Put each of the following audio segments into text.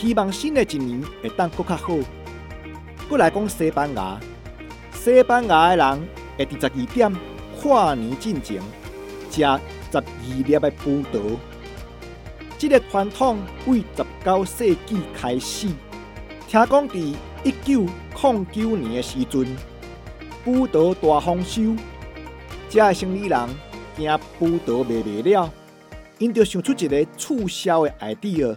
希望新的一年會當更較好。我來講西班牙，西班牙的人會佇十二點跨年進前食十二粒的葡萄，這個傳統為十九世紀開始。聽講佇一九零九年嘅時陣，葡萄大豐收，食嘅生意人驚葡萄賣唔了，因就想出一個促銷嘅 idea。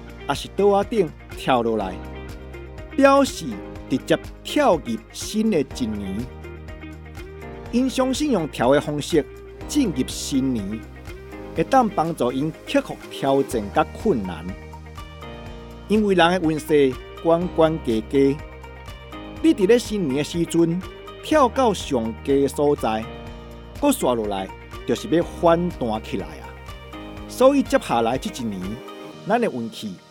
也是桌仔頂跳落來，表示直接跳入新嘅一年。因相信用跳嘅方式進入新年，會當幫助因克服挑戰甲困難。因為人嘅運勢懸懸低低，你佇咧新年嘅時陣跳到上懸所在，佫刷落來，就是要反彈起來啊！所以接下來這一年，咱嘅運氣。